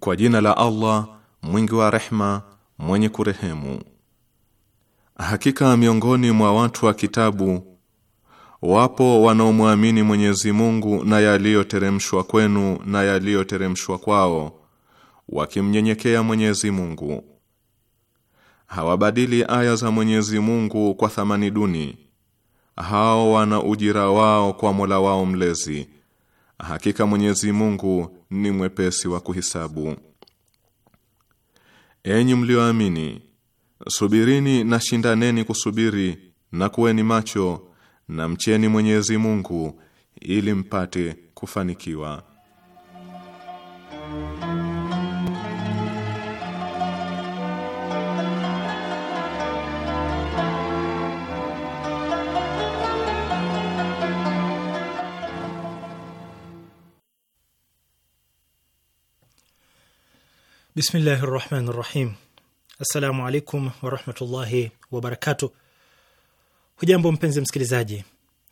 Kwa jina la Allah mwingi wa rehma mwenye kurehemu. Hakika miongoni mwa watu wa kitabu Wapo wanaomwamini Mwenyezi Mungu na yaliyoteremshwa kwenu na yaliyoteremshwa kwao wakimnyenyekea Mwenyezi Mungu. Hawabadili aya za Mwenyezi Mungu kwa thamani duni. Hao wana ujira wao kwa Mola wao mlezi. Hakika Mwenyezi Mungu ni mwepesi wa kuhisabu. Enyi mlioamini, subirini na shindaneni kusubiri na kuweni macho na mcheni Mwenyezi Mungu ili mpate kufanikiwa. Bismillahi rahmani rahim. Assalamu alaikum warahmatullahi wabarakatuh. Hujambo mpenzi msikilizaji,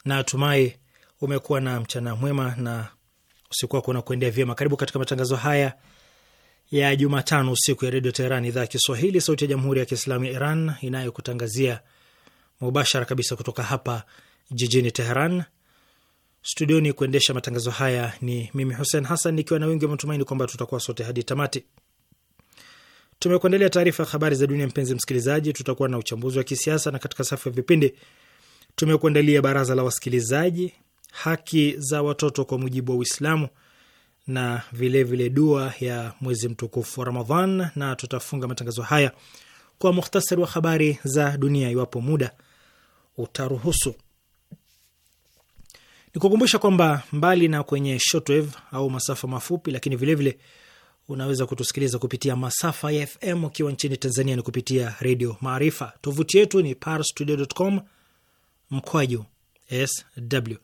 natumai umekuwa na mchana mwema na usiku wako unakuendea vyema. Karibu katika matangazo haya ya Jumatano usiku ya redio Teheran, idhaa ya Kiswahili, sauti ya jamhuri ya kiislamu ya Iran inayokutangazia mubashara kabisa kutoka hapa jijini Teheran. Studioni kuendesha matangazo haya ni mimi Hussein Hassan, nikiwa na wingi wa matumaini kwamba tutakuwa sote hadi tamati. Tumekuandalia taarifa ya habari za dunia. Mpenzi msikilizaji, tutakuwa na uchambuzi wa kisiasa, na katika safu ya vipindi tumekuandalia baraza la wasikilizaji, haki za watoto kwa mujibu wa Uislamu na vilevile vile dua ya mwezi mtukufu wa Ramadhan, na tutafunga matangazo haya kwa muhtasari wa habari za dunia iwapo muda utaruhusu. Nikukumbusha kwamba mbali na kwenye shortwave au masafa mafupi, lakini vilevile vile unaweza kutusikiliza kupitia masafa ya FM. Ukiwa nchini Tanzania ni kupitia Redio Maarifa. Tovuti yetu ni parstudio.com mkwaju sw.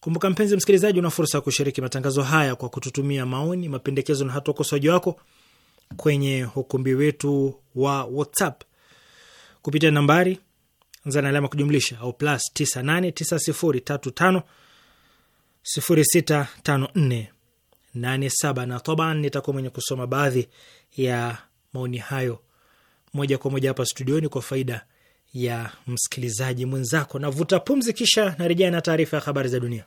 Kumbuka mpenzi msikilizaji, una fursa ya kushiriki matangazo haya kwa kututumia maoni, mapendekezo na hata ukosoaji wako kwenye ukumbi wetu wa WhatsApp kupitia nambari anza na alama kujumlisha au plus 9890350654 87 na taban nitakuwa mwenye kusoma baadhi ya maoni hayo moja kwa moja hapa studioni kwa faida ya msikilizaji mwenzako. Navuta pumzi, kisha narejea na taarifa ya habari za dunia.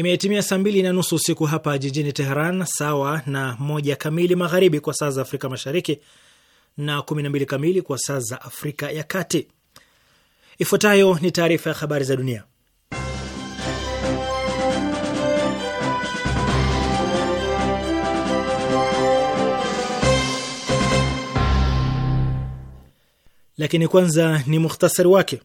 Imetimia saa mbili na nusu usiku hapa jijini Teheran, sawa na moja kamili magharibi kwa saa za Afrika Mashariki na kumi na mbili kamili kwa saa za Afrika ya Kati. Ifuatayo ni taarifa ya habari za dunia, lakini kwanza ni muhtasari wake.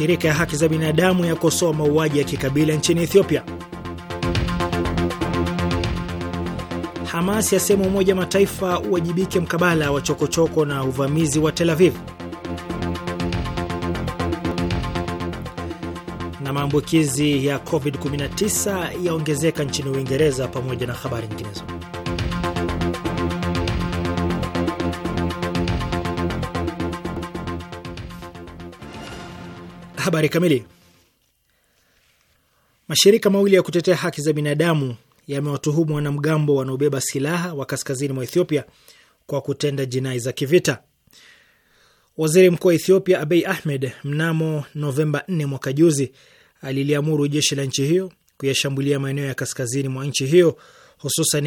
mashirika ya haki za binadamu yakosoa mauaji ya kikabila nchini Ethiopia. Hamas yasema Umoja Mataifa uwajibike mkabala wa chokochoko na uvamizi wa Tel Aviv. Na maambukizi ya COVID-19 yaongezeka nchini Uingereza pamoja na habari nyinginezo. Habari kamili. Mashirika mawili ya kutetea haki za binadamu yamewatuhumu wanamgambo wanaobeba silaha wa kaskazini mwa Ethiopia kwa kutenda jinai za kivita. Waziri mkuu wa Ethiopia Abiy Ahmed mnamo Novemba 4 mwaka juzi aliliamuru jeshi la nchi hiyo kuyashambulia maeneo ya kaskazini mwa nchi hiyo hususan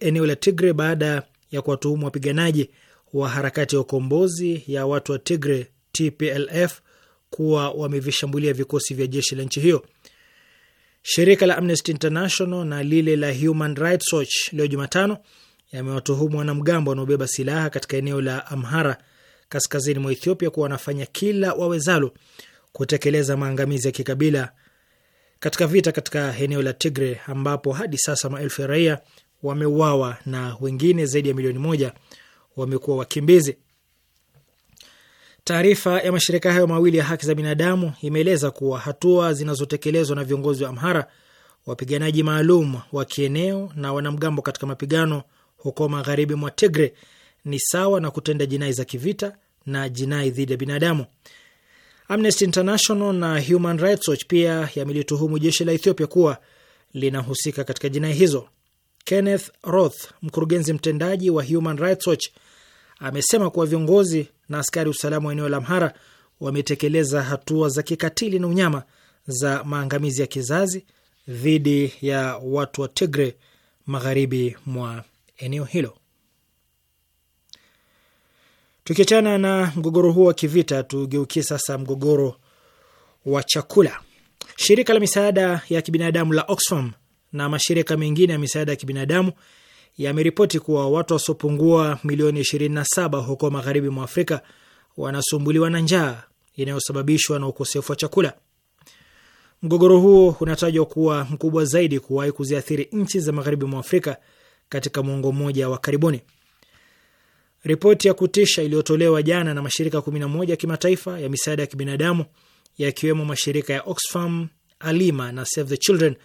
eneo la Tigre baada ya kuwatuhumu wapiganaji wa harakati ya ukombozi ya watu wa Tigre TPLF kuwa wamevishambulia vikosi vya jeshi la nchi hiyo. Shirika la Amnesty International na lile la Human Rights Watch leo Jumatano yamewatuhumu wanamgambo wanaobeba silaha katika eneo la Amhara kaskazini mwa Ethiopia kuwa wanafanya kila wawezalo kutekeleza maangamizi ya kikabila katika vita katika eneo la Tigre ambapo hadi sasa maelfu ya raia wameuawa na wengine zaidi ya milioni moja wamekuwa wakimbizi. Taarifa ya mashirika hayo mawili ya haki za binadamu imeeleza kuwa hatua zinazotekelezwa na viongozi wa Amhara, wapiganaji maalum wa kieneo na wanamgambo katika mapigano huko magharibi mwa Tigre ni sawa na kutenda jinai za kivita na jinai dhidi ya binadamu. Amnesty International na Human Rights Watch pia yamelituhumu jeshi la Ethiopia kuwa linahusika katika jinai hizo. Kenneth Roth, mkurugenzi mtendaji wa Human Rights Watch, amesema kuwa viongozi na askari usalama wa eneo la mhara wametekeleza hatua za kikatili na unyama za maangamizi ya kizazi dhidi ya watu wa Tigre magharibi mwa eneo hilo. Tukiachana na mgogoro huo wa kivita, tugeukie sasa mgogoro wa chakula. Shirika la misaada ya kibinadamu la Oxfam na mashirika mengine ya misaada ya kibinadamu yameripoti kuwa watu wasiopungua milioni 27 huko magharibi mwa Afrika wanasumbuliwa na njaa inayosababishwa na ukosefu wa chakula. Mgogoro huo unatajwa kuwa mkubwa zaidi kuwahi kuziathiri nchi za magharibi mwa Afrika katika mwongo mmoja wa karibuni. Ripoti ya kutisha iliyotolewa jana na mashirika 11 ya kimataifa ya misaada ya kibinadamu yakiwemo mashirika ya Oxfam, Alima na Save the Children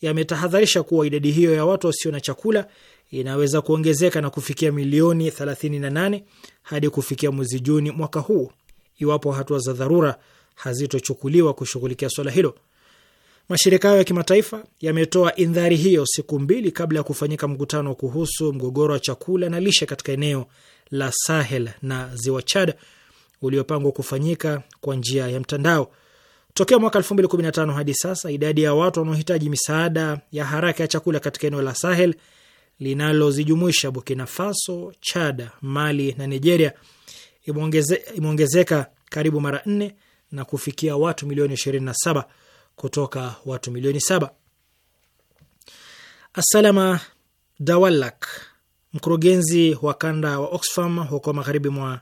yametahadharisha kuwa idadi hiyo ya watu wasio na chakula inaweza kuongezeka na kufikia milioni 38 hadi kufikia mwezi Juni mwaka huu iwapo hatua za dharura hazitochukuliwa kushughulikia swala hilo. Mashirika hayo ya kimataifa yametoa indhari hiyo siku mbili kabla ya kufanyika mkutano kuhusu mgogoro wa chakula na lishe katika eneo la Sahel na ziwa Chad uliopangwa kufanyika kwa njia ya mtandao. Tokea mwaka 2015 hadi sasa, idadi ya watu wanaohitaji misaada ya haraka ya chakula katika eneo la Sahel linalozijumuisha Burkina Faso, Chada, Mali na Nigeria imeongezeka karibu mara nne na kufikia watu milioni 27 kutoka watu milioni saba. Asalama Dawalak, mkurugenzi wa kanda wa Oxfam huko magharibi mwa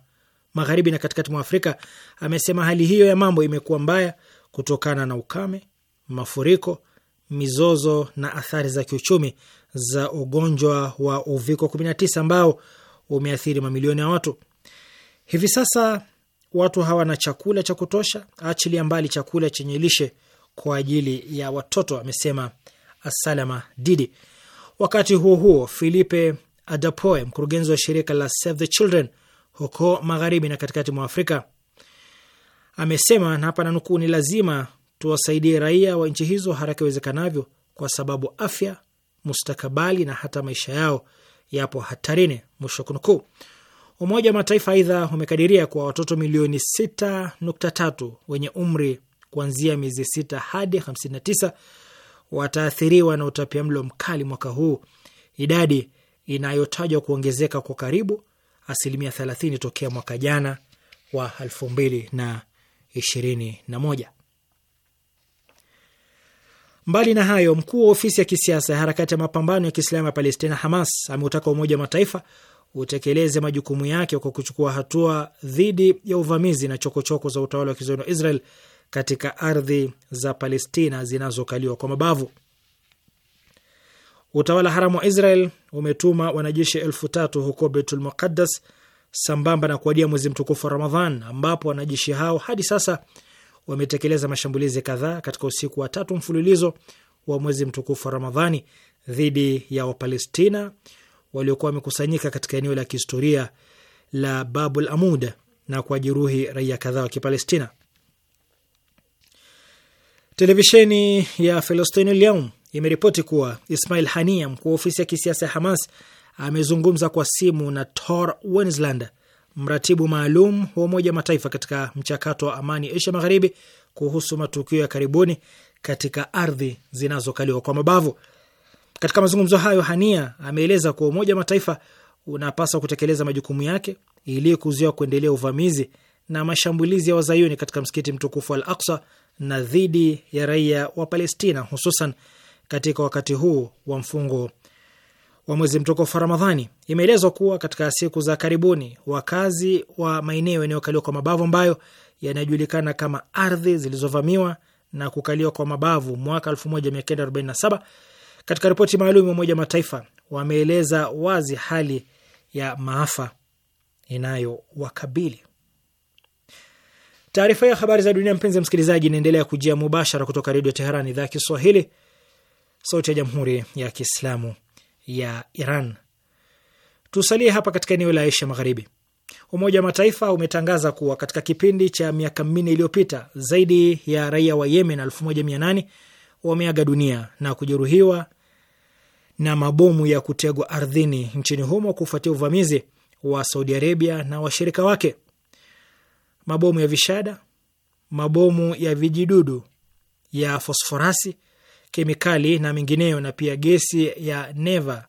magharibi na katikati mwa Afrika amesema hali hiyo ya mambo imekuwa mbaya kutokana na ukame, mafuriko, mizozo na athari za kiuchumi za ugonjwa wa uviko 19 ambao umeathiri mamilioni ya watu. Hivi sasa watu hawana chakula cha kutosha, achilia mbali chakula chenye lishe kwa ajili ya watoto, amesema Asalama Didi. Wakati huo huo, Filipe Adapoe, mkurugenzi wa shirika la Save the Children huko magharibi na katikati mwa Afrika, amesema na hapa nanukuu, ni lazima tuwasaidie raia wa nchi hizo haraka iwezekanavyo, kwa sababu afya mustakabali na hata maisha yao yapo hatarini, mwisho kunukuu. Umoja wa Mataifa aidha umekadiria kuwa watoto milioni 6.3 wenye umri kuanzia miezi 6 hadi 59 wataathiriwa na utapia mlo mkali mwaka huu, idadi inayotajwa kuongezeka kwa karibu asilimia 30 tokea mwaka jana wa 2021. Mbali na hayo, mkuu wa ofisi ya kisiasa ya harakati ya mapambano ya Kiislamu ya Palestina, Hamas, ameutaka Umoja wa Mataifa utekeleze majukumu yake kwa kuchukua hatua dhidi ya uvamizi na chokochoko choko za utawala wa kizayuni wa Israel katika ardhi za Palestina zinazokaliwa kwa mabavu. Utawala haramu wa Israel umetuma wanajeshi elfu tatu huko Beitul Muqaddas sambamba na kuadia mwezi mtukufu wa Ramadhan, ambapo wanajeshi hao hadi sasa wametekeleza mashambulizi kadhaa katika usiku wa tatu mfululizo wa mwezi mtukufu wa Ramadhani dhidi ya Wapalestina waliokuwa wamekusanyika katika eneo la kihistoria la Babul Amud na kuwajeruhi raia kadhaa wa Kipalestina. Televisheni ya Felestini al imeripoti kuwa Ismail Hania, mkuu wa ofisi ya kisiasa ya Hamas, amezungumza kwa simu na Tor Wensland, mratibu maalum wa Umoja wa Mataifa katika mchakato wa amani Asia Magharibi kuhusu matukio ya karibuni katika ardhi zinazokaliwa kwa mabavu. Katika mazungumzo hayo, Hania ameeleza kuwa Umoja wa Mataifa unapaswa kutekeleza majukumu yake ili kuzuia kuendelea uvamizi na mashambulizi ya wazayuni katika msikiti mtukufu wa Al Aksa na dhidi ya raia wa Palestina, hususan katika wakati huu wa mfungo wa mwezi mtukufu wa Ramadhani. Imeelezwa kuwa katika siku za karibuni wakazi wa maeneo yanayokaliwa kwa mabavu ambayo yanajulikana kama ardhi zilizovamiwa na kukaliwa kwa mabavu mwaka 1947 katika ripoti maalum ya Umoja wa Mataifa wameeleza wazi hali ya maafa inayowakabili. Taarifa ya habari za dunia, mpenzi msikilizaji, inaendelea kujia mubashara kutoka Redio Teheran, idhaa ya Kiswahili, sauti ya Jamhuri ya Kiislamu ya Iran. Tusalie hapa katika eneo la Asia Magharibi. Umoja wa Mataifa umetangaza kuwa katika kipindi cha miaka minne iliyopita zaidi ya raia wa Yemen elfu moja mia nane wameaga dunia na kujeruhiwa na mabomu ya kutegwa ardhini nchini humo kufuatia uvamizi wa Saudi Arabia na washirika wake. Mabomu ya vishada, mabomu ya vijidudu ya fosforasi kemikali na mengineyo, na pia gesi ya neva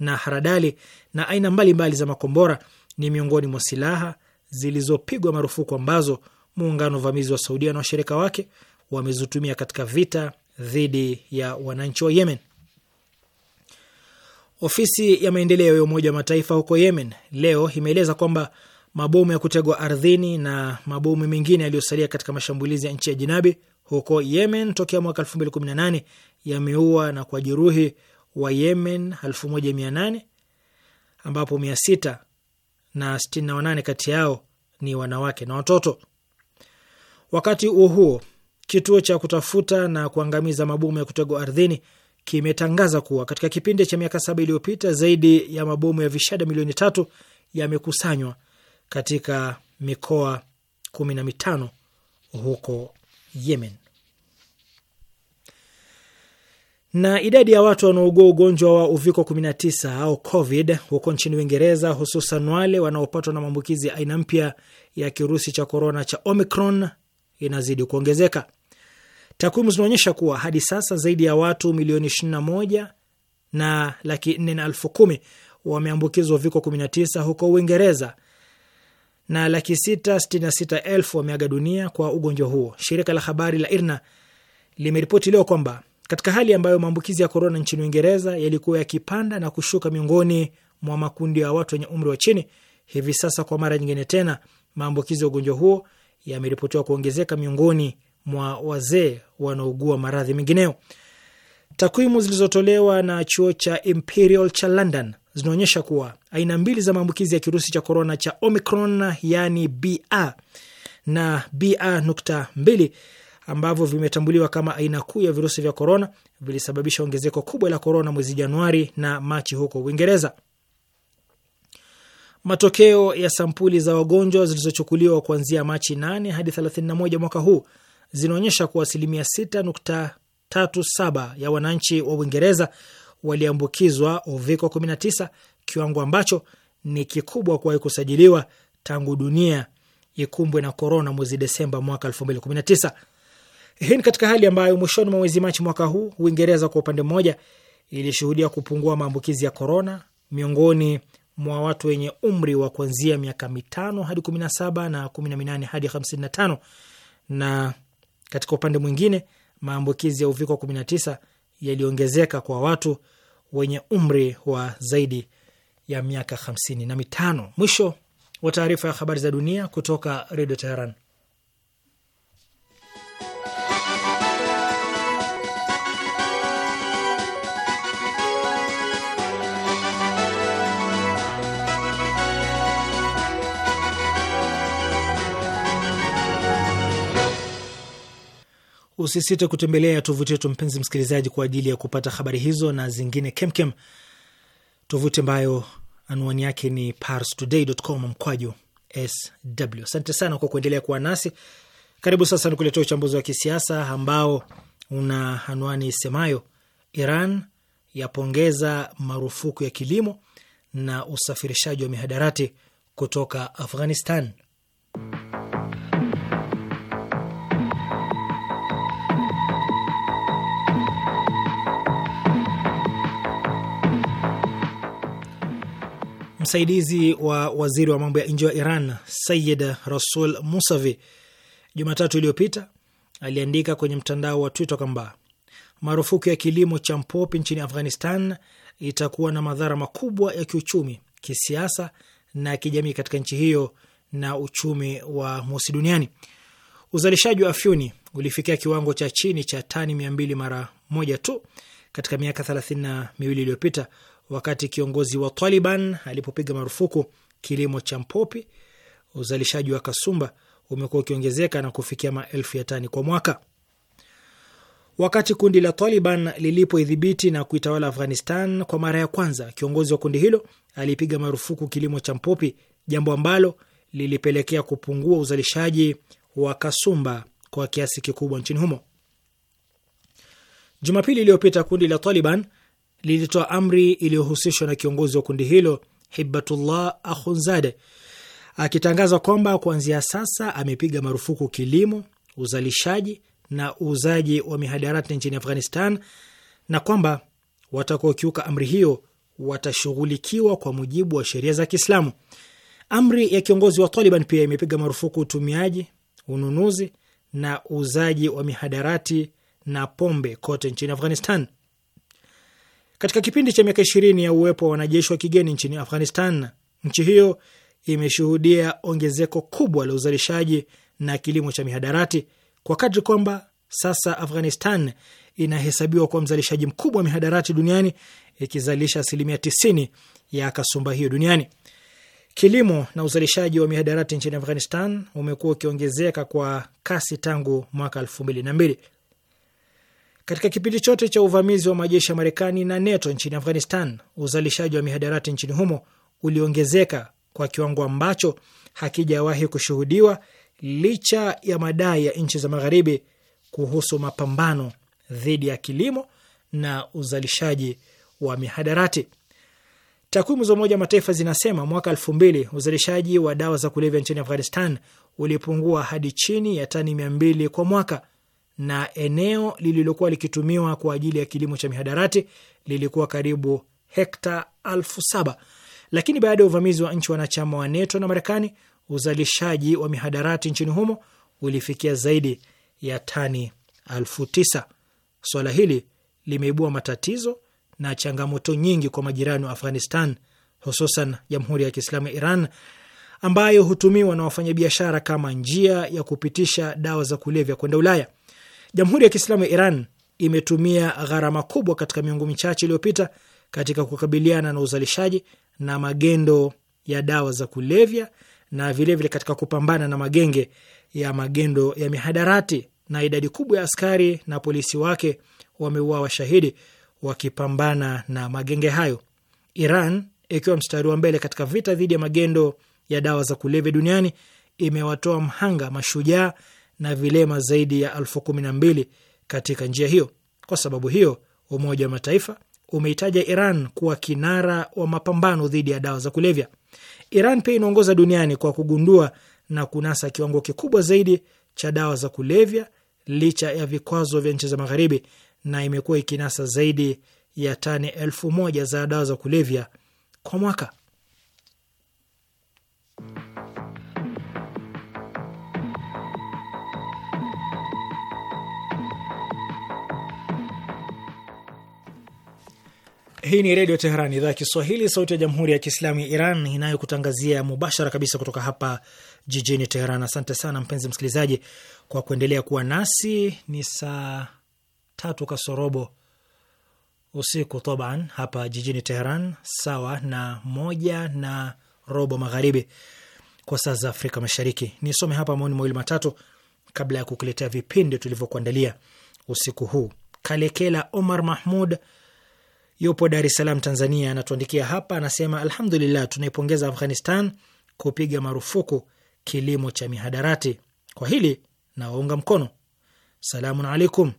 na haradali na aina mbalimbali mbali za makombora ni miongoni mwa silaha zilizopigwa marufuku ambazo muungano vamizi wa Saudia na washirika wake wamezitumia katika vita dhidi ya wananchi wa Yemen. Ofisi ya maendeleo ya Umoja wa Mataifa huko Yemen leo imeeleza kwamba mabomu ya kutegwa ardhini na mabomu mengine yaliyosalia katika mashambulizi ya nchi ya jinabi huko Yemen tokea mwaka 2018 yameua na jeruhi wa Yemen 1800 ambapo 68 kati yao ni wanawake na watoto. Wakati huo huo, kituo cha kutafuta na kuangamiza mabomu ya kutegwa ardhini kimetangaza kuwa katika kipindi cha miaka saba iliyopita zaidi ya mabomu ya vishada milioni tatu yamekusanywa katika mikoa kumi na mitano huko Yemen. Na idadi ya watu wanaougua ugonjwa wa uviko 19 au COVID huko nchini Uingereza, hususan wale wanaopatwa na maambukizi ya aina mpya ya kirusi cha korona cha Omicron inazidi kuongezeka. Takwimu zinaonyesha kuwa hadi sasa zaidi ya watu milioni 21 na laki 4 na elfu kumi wameambukizwa uviko 19 huko Uingereza na laki 666 elfu wameaga dunia kwa ugonjwa huo. Shirika la habari la IRNA limeripoti leo kwamba katika hali ambayo maambukizi ya korona nchini Uingereza yalikuwa yakipanda na kushuka miongoni mwa makundi ya watu wenye umri wa chini, hivi sasa kwa mara nyingine tena maambukizi ya ugonjwa huo yameripotiwa kuongezeka miongoni mwa wazee wanaougua maradhi mengineo. Takwimu zilizotolewa na chuo cha Imperial cha London zinaonyesha kuwa aina mbili za maambukizi ya kirusi cha korona cha Omicron, yani BA na BA nukta mbili ambavyo vimetambuliwa kama aina kuu ya virusi vya korona vilisababisha ongezeko kubwa la korona mwezi Januari na Machi huko Uingereza. Matokeo ya sampuli za wagonjwa zilizochukuliwa kuanzia Machi 8 hadi 31 mwaka huu zinaonyesha kuwa asilimia 6.37 ya wananchi wa Uingereza waliambukizwa uviko 19, kiwango ambacho ni kikubwa kuwahi kusajiliwa tangu dunia ikumbwe na korona mwezi Desemba mwaka 2019. Hii ni katika hali ambayo mwishoni mwa mwezi Machi mwaka huu Uingereza kwa upande mmoja ilishuhudia kupungua maambukizi ya korona miongoni mwa watu wenye umri wa kuanzia miaka mitano hadi kumi na saba na kumi na minane hadi hamsini na tano na katika upande mwingine maambukizi ya uviko 19 yaliongezeka kwa watu wenye umri wa zaidi ya miaka hamsini na mitano. Mwisho wa taarifa ya habari za dunia kutoka Redio Teheran. Usisite kutembelea tovuti yetu mpenzi msikilizaji, kwa ajili ya kupata habari hizo na zingine kemkem, tovuti ambayo anwani yake ni parstoday.com mkwaju sw. Asante sana kwa kuendelea kuwa nasi. Karibu sasa nikuletea uchambuzi wa kisiasa ambao una anwani isemayo Iran yapongeza marufuku ya kilimo na usafirishaji wa mihadarati kutoka Afghanistan. Msaidizi wa waziri wa mambo ya nje wa Iran Sayid Rasul Musavi Jumatatu iliyopita aliandika kwenye mtandao wa Twitter kwamba marufuku ya kilimo cha mpopi nchini Afghanistan itakuwa na madhara makubwa ya kiuchumi, kisiasa na kijamii katika nchi hiyo na uchumi wa mosi duniani. Uzalishaji wa afyuni ulifikia kiwango cha chini cha tani mia mbili mara moja tu katika miaka thelathini na miwili iliyopita wakati kiongozi wa Taliban alipopiga marufuku kilimo cha mpopi, uzalishaji wa kasumba umekuwa ukiongezeka na kufikia maelfu ya tani kwa mwaka. Wakati kundi la Taliban lilipoidhibiti na kuitawala Afghanistan kwa mara ya kwanza, kiongozi wa kundi hilo alipiga marufuku kilimo cha mpopi, jambo ambalo lilipelekea kupungua uzalishaji wa kasumba kwa kiasi kikubwa nchini humo. Jumapili iliyopita kundi la Taliban lilitoa amri iliyohusishwa na kiongozi wa kundi hilo Hibatullah Akhundzade akitangaza kwamba kuanzia sasa amepiga marufuku kilimo, uzalishaji na uuzaji wa mihadarati nchini Afghanistan na kwamba watakaokiuka amri hiyo watashughulikiwa kwa mujibu wa sheria za Kiislamu. Amri ya kiongozi wa Taliban pia imepiga marufuku utumiaji, ununuzi na uuzaji wa mihadarati na pombe kote nchini Afghanistan. Katika kipindi cha miaka ishirini ya uwepo wa wanajeshi wa kigeni nchini Afghanistan, nchi hiyo imeshuhudia ongezeko kubwa la uzalishaji na kilimo cha mihadarati kwa kadri kwamba sasa Afghanistan inahesabiwa kuwa mzalishaji mkubwa wa mihadarati duniani ikizalisha asilimia tisini ya kasumba hiyo duniani. Kilimo na uzalishaji wa mihadarati nchini Afghanistan umekuwa ukiongezeka kwa kasi tangu mwaka elfu mbili na mbili. Katika kipindi chote cha uvamizi wa majeshi ya Marekani na NATO nchini Afghanistan, uzalishaji wa mihadarati nchini humo uliongezeka kwa kiwango ambacho hakijawahi kushuhudiwa licha ya madai ya nchi za Magharibi kuhusu mapambano dhidi ya kilimo na uzalishaji wa mihadarati. Takwimu za Umoja wa Mataifa zinasema mwaka elfu mbili uzalishaji wa dawa za kulevya nchini Afghanistan ulipungua hadi chini ya tani mia mbili kwa mwaka na eneo lililokuwa likitumiwa kwa ajili ya kilimo cha mihadarati lilikuwa karibu hekta elfu saba lakini baada ya uvamizi wa nchi wanachama wa NATO na Marekani, uzalishaji wa mihadarati nchini humo ulifikia zaidi ya tani elfu tisa. Swala hili limeibua matatizo na changamoto nyingi kwa majirani wa Afghanistan, hususan Jamhuri ya Kiislamu ya Iran ambayo hutumiwa na wafanyabiashara kama njia ya kupitisha dawa za kulevya kwenda Ulaya. Jamhuri ya Kiislamu ya Iran imetumia gharama kubwa katika miongo michache iliyopita katika kukabiliana na uzalishaji na magendo ya dawa za kulevya na vilevile vile katika kupambana na magenge ya magendo ya mihadarati, na idadi kubwa ya askari na polisi wake wameua washahidi wakipambana na magenge hayo. Iran ikiwa mstari wa mbele katika vita dhidi ya magendo ya dawa za kulevya duniani imewatoa mhanga mashujaa na vilema zaidi ya elfu kumi na mbili katika njia hiyo. Kwa sababu hiyo, Umoja wa Mataifa umeitaja Iran kuwa kinara wa mapambano dhidi ya dawa za kulevya. Iran pia inaongoza duniani kwa kugundua na kunasa kiwango kikubwa zaidi cha dawa za kulevya licha ya vikwazo vya nchi za Magharibi, na imekuwa ikinasa zaidi ya tani elfu moja za dawa za kulevya kwa mwaka. Hii ni Redio Teheran, idhaa ya Kiswahili, sauti ya Jamhuri ya Kiislamu ya Iran inayokutangazia mubashara kabisa kutoka hapa jijini Teheran. Asante sana mpenzi msikilizaji kwa kuendelea kuwa nasi. Ni saa tatu kasorobo usiku taban hapa jijini Teheran, sawa na moja na robo magharibi kwa saa za Afrika Mashariki. Nisome hapa maoni mawili matatu kabla ya kukuletea vipindi tulivyokuandalia usiku huu. Kalekela Omar Mahmud yupo Dar es Salaam, Tanzania, anatuandikia hapa, anasema alhamdulillah, tunaipongeza Afghanistan kupiga marufuku kilimo cha mihadarati. Kwa hili nawaunga mkono. Salamun alaikum.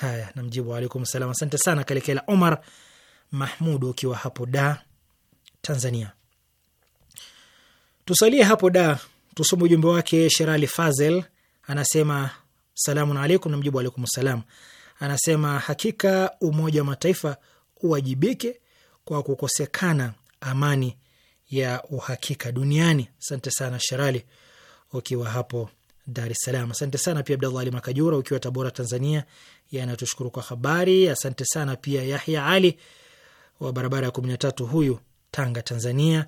Haya, namjibu alaikum salam. Asante sana Kalekela Omar Mahmud ukiwa hapo Da, Tanzania. Tusalie hapo Da, tusome ujumbe wake. Sherali Fazel anasema salamun alaikum, namjibu alaikum salam. Anasema hakika Umoja wa Mataifa uwajibike kwa kukosekana amani ya uhakika duniani. Asante sana Sherali ukiwa hapo Dar es Salaam. Asante sana pia Abdallah Ali Makajura ukiwa Tabora, Tanzania, yanatushukuru kwa habari. Asante sana pia Yahya Ali wa barabara ya kumi na tatu, huyu Tanga, Tanzania,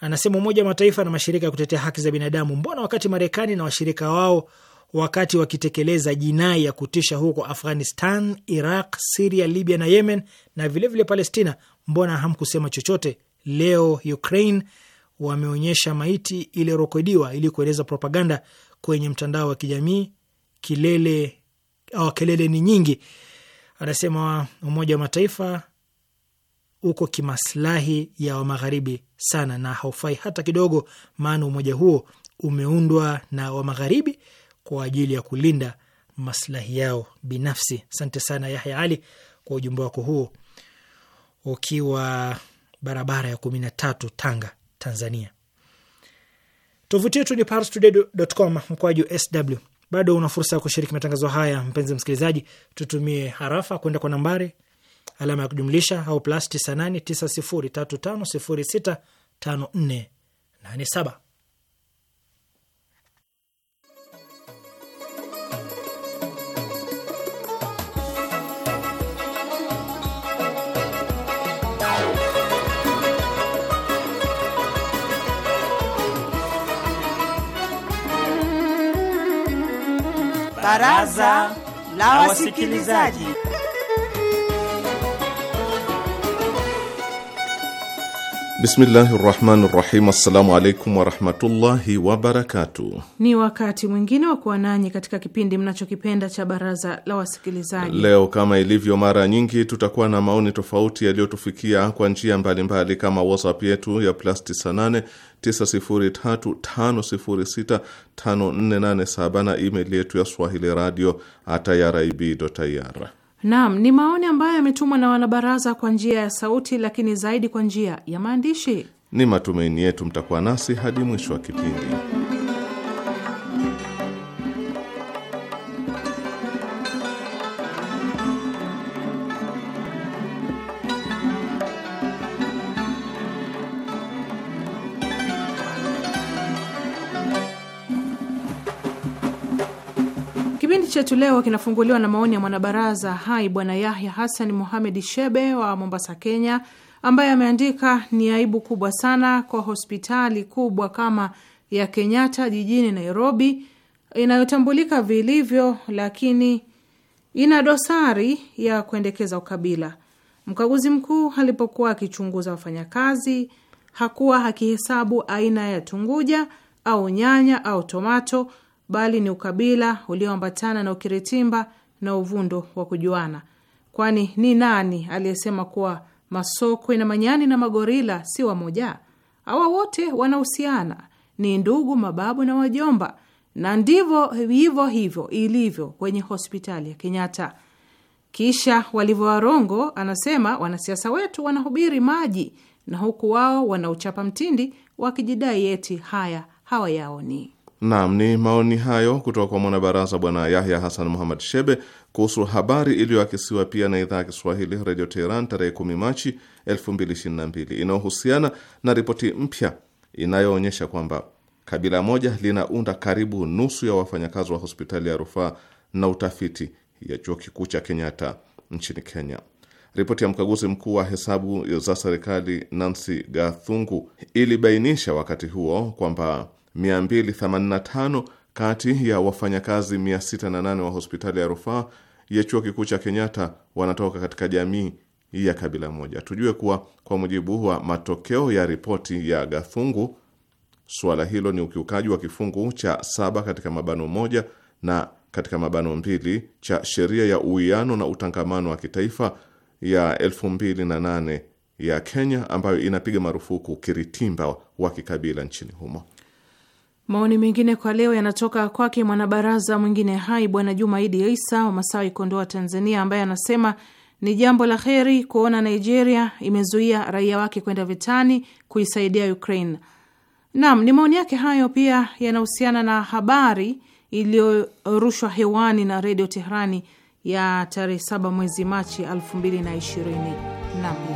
anasema Umoja wa Mataifa na mashirika ya kutetea haki za binadamu, mbona wakati Marekani na washirika wao wakati wakitekeleza jinai ya kutisha huko Afghanistan, Iraq, Siria, Libya na Yemen na vilevile vile Palestina, mbona hamkusema chochote? Leo Ukraine wameonyesha maiti iliyorekodiwa ili kueleza propaganda kwenye mtandao wa kijamii. Kilele au oh, kelele ni nyingi, anasema Umoja wa Mataifa uko kimaslahi ya wamagharibi sana na haufai hata kidogo, maana umoja huo umeundwa na wamagharibi kwa ajili ya kulinda maslahi yao binafsi. Asante sana Yahya Ali kwa ujumbe wako huo, ukiwa barabara ya kumi na tatu Tanga, Tanzania. Tovuti yetu ni parstoday.com mkoaju sw. Bado una fursa ya kushiriki matangazo haya, mpenzi msikilizaji, tutumie harafa kwenda kwa nambari alama ya kujumlisha au plus 98 903 506 5487. Baraza la Wasikilizaji. Bismillahi rahmani rahim. Assalamu alaikum warahmatullahi wabarakatuh. Ni wakati mwingine wa kuwa nanyi katika kipindi mnachokipenda cha baraza la wasikilizaji. Leo kama ilivyo mara nyingi, tutakuwa na maoni tofauti yaliyotufikia kwa njia mbalimbali, kama whatsapp yetu ya plus 98 903506548 na email yetu ya swahili radio irib.ir. Naam, ni maoni ambayo yametumwa na wanabaraza kwa njia ya sauti, lakini zaidi kwa njia ya maandishi. Ni matumaini yetu mtakuwa nasi hadi mwisho wa kipindi. Kipindi chetu leo kinafunguliwa na maoni ya mwanabaraza hai Bwana Yahya Hassan Muhamedi Shebe wa Mombasa, Kenya, ambaye ameandika ni aibu kubwa sana kwa hospitali kubwa kama ya Kenyatta jijini Nairobi inayotambulika vilivyo, lakini ina dosari ya kuendekeza ukabila. Mkaguzi mkuu alipokuwa akichunguza wafanyakazi hakuwa akihesabu aina ya tunguja au nyanya au tomato bali ni ukabila ulioambatana na ukiritimba na uvundo wa kujuana. Kwani ni nani aliyesema kuwa masokwe na manyani na magorila si wamoja? Hawa wote wanahusiana, ni ndugu, mababu na wajomba, na ndivyo hivyo hivyo ilivyo kwenye hospitali ya Kenyatta. Kisha walivyo warongo, anasema wanasiasa wetu wanahubiri maji na huku wao wanauchapa mtindi wakijidai eti haya hawayaoni. Naam, ni maoni hayo kutoka kwa mwanabaraza Bwana Yahya Hasan Muhammad Shebe kuhusu habari iliyoakisiwa pia na idhaa ya Kiswahili Redio Teheran tarehe 10 Machi 2022 inayohusiana na ripoti mpya inayoonyesha kwamba kabila moja linaunda karibu nusu ya wafanyakazi wa hospitali ya rufaa na utafiti ya chuo kikuu cha Kenyatta nchini Kenya. Ripoti ya mkaguzi mkuu wa hesabu za serikali Nancy Gathungu ilibainisha wakati huo kwamba 285 kati ya wafanyakazi 608 wa hospitali ya rufaa ya chuo kikuu cha Kenyatta wanatoka katika jamii ya kabila moja. Tujue kuwa kwa mujibu wa matokeo ya ripoti ya Gathungu, suala hilo ni ukiukaji wa kifungu cha saba katika mabano moja na katika mabano mbili cha sheria ya uwiano na utangamano wa kitaifa ya nane ya Kenya ambayo inapiga marufuku kiritimba wa kikabila nchini humo. Maoni mengine kwa leo yanatoka kwake mwanabaraza mwingine hai Bwana Juma Idi Isa wa Masawi, Kondoa, Tanzania, ambaye anasema ni jambo la heri kuona Nigeria imezuia raia wake kwenda vitani kuisaidia Ukraine. Naam, ni maoni yake hayo. Pia yanahusiana na habari iliyorushwa hewani na Redio Teherani ya tarehe 7 mwezi Machi 220 Naam.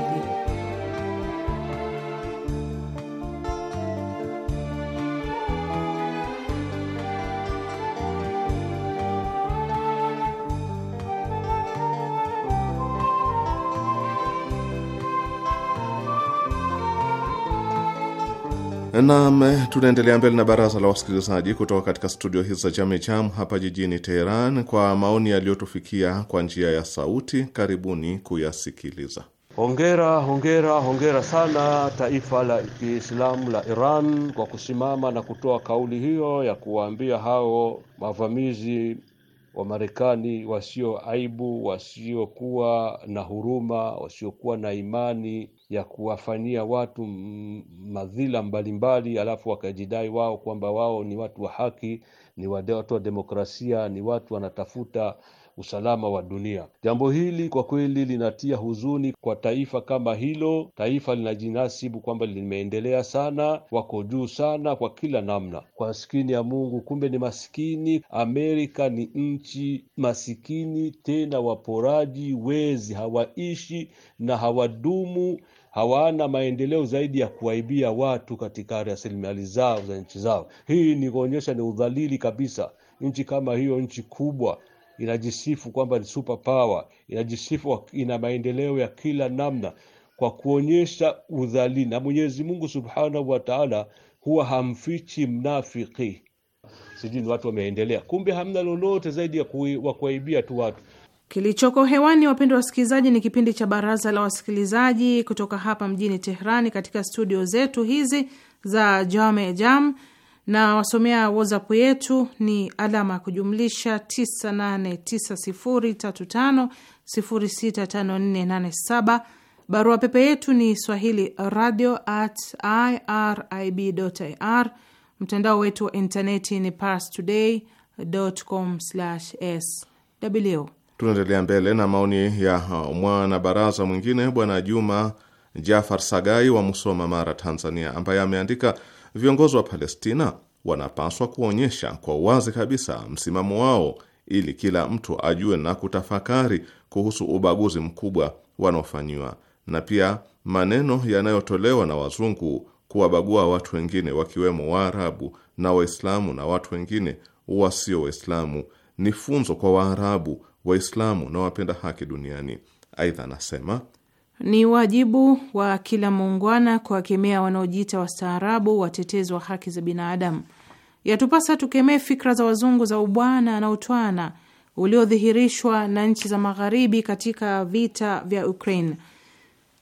Naam, tunaendelea mbele na baraza la wasikilizaji kutoka katika studio hizi za Jame Jam hapa jijini Teheran, kwa maoni yaliyotufikia kwa njia ya sauti. Karibuni kuyasikiliza. Hongera, hongera, hongera sana taifa la Kiislamu la Iran kwa kusimama na kutoa kauli hiyo ya kuwaambia hao mavamizi wa Marekani wasio aibu, wasiokuwa na huruma, wasiokuwa na imani ya kuwafanyia watu madhila mbalimbali, alafu wakajidai wao kwamba wao ni watu wa haki, ni watu wa demokrasia, ni watu wanatafuta usalama wa dunia. Jambo hili kwa kweli linatia huzuni kwa taifa kama hilo. Taifa linajinasibu kwamba limeendelea sana, wako juu sana kwa kila namna, kwa maskini ya Mungu, kumbe ni maskini. Amerika ni nchi masikini, tena waporaji, wezi, hawaishi na hawadumu hawana maendeleo zaidi ya kuwaibia watu katika rasilimali zao za nchi zao. Hii ni kuonyesha ni udhalili kabisa. Nchi kama hiyo, nchi kubwa inajisifu kwamba ni super power, inajisifu ina maendeleo ya kila namna, kwa kuonyesha udhalili. Na Mwenyezi Mungu Subhanahu wa Ta'ala huwa hamfichi mnafiki, sijui ni watu wameendelea, kumbe hamna lolote zaidi ya kuwaibia tu watu. Kilichoko hewani, wapendwa wasikilizaji, ni kipindi cha Baraza la Wasikilizaji kutoka hapa mjini tehrani katika studio zetu hizi za Jame Jam na wasomea WhatsApp yetu ni alama ya kujumlisha 989035065487. Barua pepe yetu ni swahili radio at ir Mtandao wetu wa intaneti ni parstoday.com/sw Tunaendelea mbele na maoni ya mwanabaraza mwingine Bwana Juma Jafar Sagai wa Musoma, Mara, Tanzania, ambaye ameandika viongozi wa Palestina wanapaswa kuonyesha kwa uwazi kabisa msimamo wao ili kila mtu ajue na kutafakari kuhusu ubaguzi mkubwa wanaofanyiwa na pia maneno yanayotolewa na wazungu kuwabagua watu wengine wakiwemo Waarabu na Waislamu na watu wengine wasio Waislamu ni funzo kwa Waarabu Waislamu na wapenda haki duniani. Aidha anasema ni wajibu wa kila muungwana kuwakemea wanaojiita wastaarabu, watetezi wa haki za binadamu. Yatupasa tukemee fikra za wazungu za ubwana na utwana uliodhihirishwa na nchi za magharibi katika vita vya Ukraine.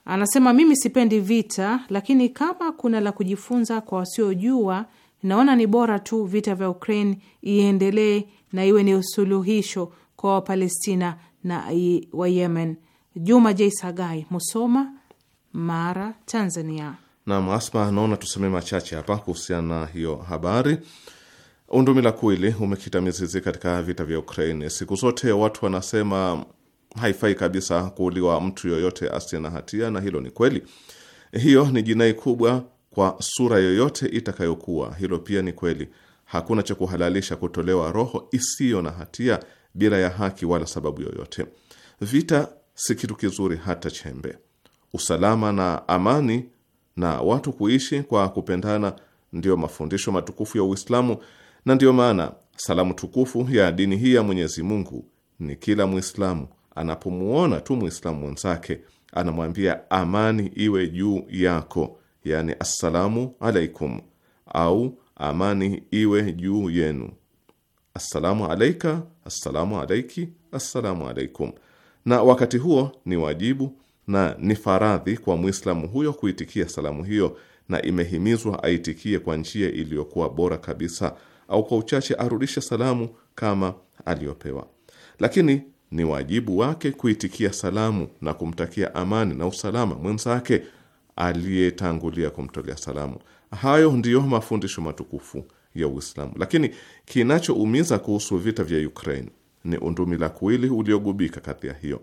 Anasema, mimi sipendi vita, lakini kama kuna la kujifunza kwa wasiojua, naona ni bora tu vita vya Ukraine iendelee na iwe ni usuluhisho kwa Wapalestina na wa Yemen. Juma J Sagai, Musoma, Mara, Tanzania. Naam, Asma, naona tuseme machache hapa kuhusiana na hiyo habari. Undumila kuili umekita mizizi katika vita vya Ukraini. Siku zote watu wanasema haifai kabisa kuuliwa mtu yoyote asiye na hatia, na hilo ni kweli. Hiyo ni jinai kubwa kwa sura yoyote itakayokuwa. Hilo pia ni kweli. Hakuna cha kuhalalisha kutolewa roho isiyo na hatia bila ya haki wala sababu yoyote. Vita si kitu kizuri hata chembe. Usalama na amani na watu kuishi kwa kupendana ndiyo mafundisho matukufu ya Uislamu, na ndiyo maana salamu tukufu ya dini hii ya Mwenyezi Mungu ni kila Mwislamu anapomuona tu Mwislamu mwenzake anamwambia amani iwe juu yako, yani assalamu alaikum, au amani iwe juu yenu assalamu alaika, assalamu alaiki, assalamu alaikum. Na wakati huo ni wajibu na ni faradhi kwa Mwislamu huyo kuitikia salamu hiyo, na imehimizwa aitikie kwa njia iliyokuwa bora kabisa, au kwa uchache arudishe salamu kama aliyopewa, lakini ni wajibu wake kuitikia salamu na kumtakia amani na usalama mwenzake aliyetangulia kumtolea salamu. Hayo ndiyo mafundisho matukufu ya Uislamu. Lakini kinachoumiza kuhusu vita vya Ukraine ni undumila kuili uliogubika kadhia hiyo,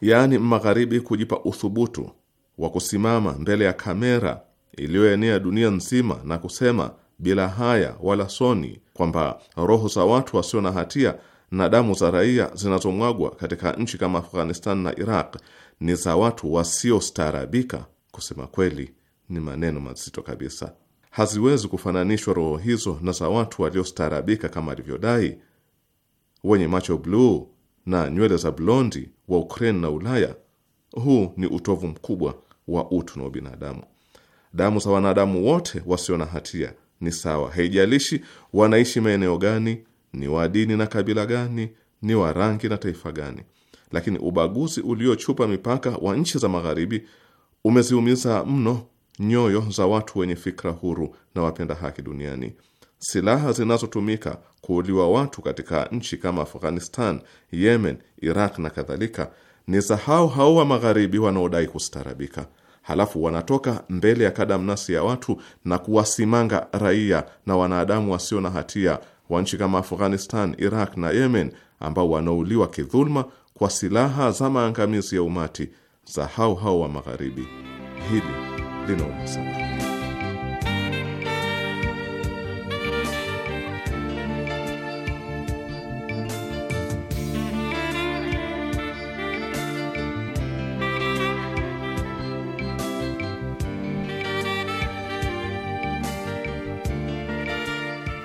yaani magharibi kujipa uthubutu wa kusimama mbele ya kamera iliyoenea dunia nzima na kusema bila haya wala soni kwamba roho za watu wasio na hatia na damu za raia zinazomwagwa katika nchi kama Afghanistan na Iraq ni za watu wasiostaarabika. Kusema kweli, ni maneno mazito kabisa haziwezi kufananishwa roho hizo na za watu waliostaarabika kama alivyodai, wenye macho bluu na nywele za blondi wa Ukraine na Ulaya. Huu ni utovu mkubwa wa utu na ubinadamu. Damu za wanadamu wote wasio na hatia ni sawa, haijalishi wanaishi maeneo gani, ni wa dini na kabila gani, ni wa rangi na taifa gani. Lakini ubaguzi uliochupa mipaka wa nchi za Magharibi umeziumiza mno nyoyo za watu wenye fikra huru na wapenda haki duniani. Silaha zinazotumika kuuliwa watu katika nchi kama Afghanistan, Yemen, Iraq na kadhalika ni za hao hao wa magharibi wanaodai kustarabika, halafu wanatoka mbele ya kadamnasi ya watu na kuwasimanga raia na wanadamu wasio na hatia wa nchi kama Afghanistan, Iraq na Yemen, ambao wanauliwa kidhuluma kwa silaha za maangamizi ya umati za hao hao wa magharibi. Hili linauma sana.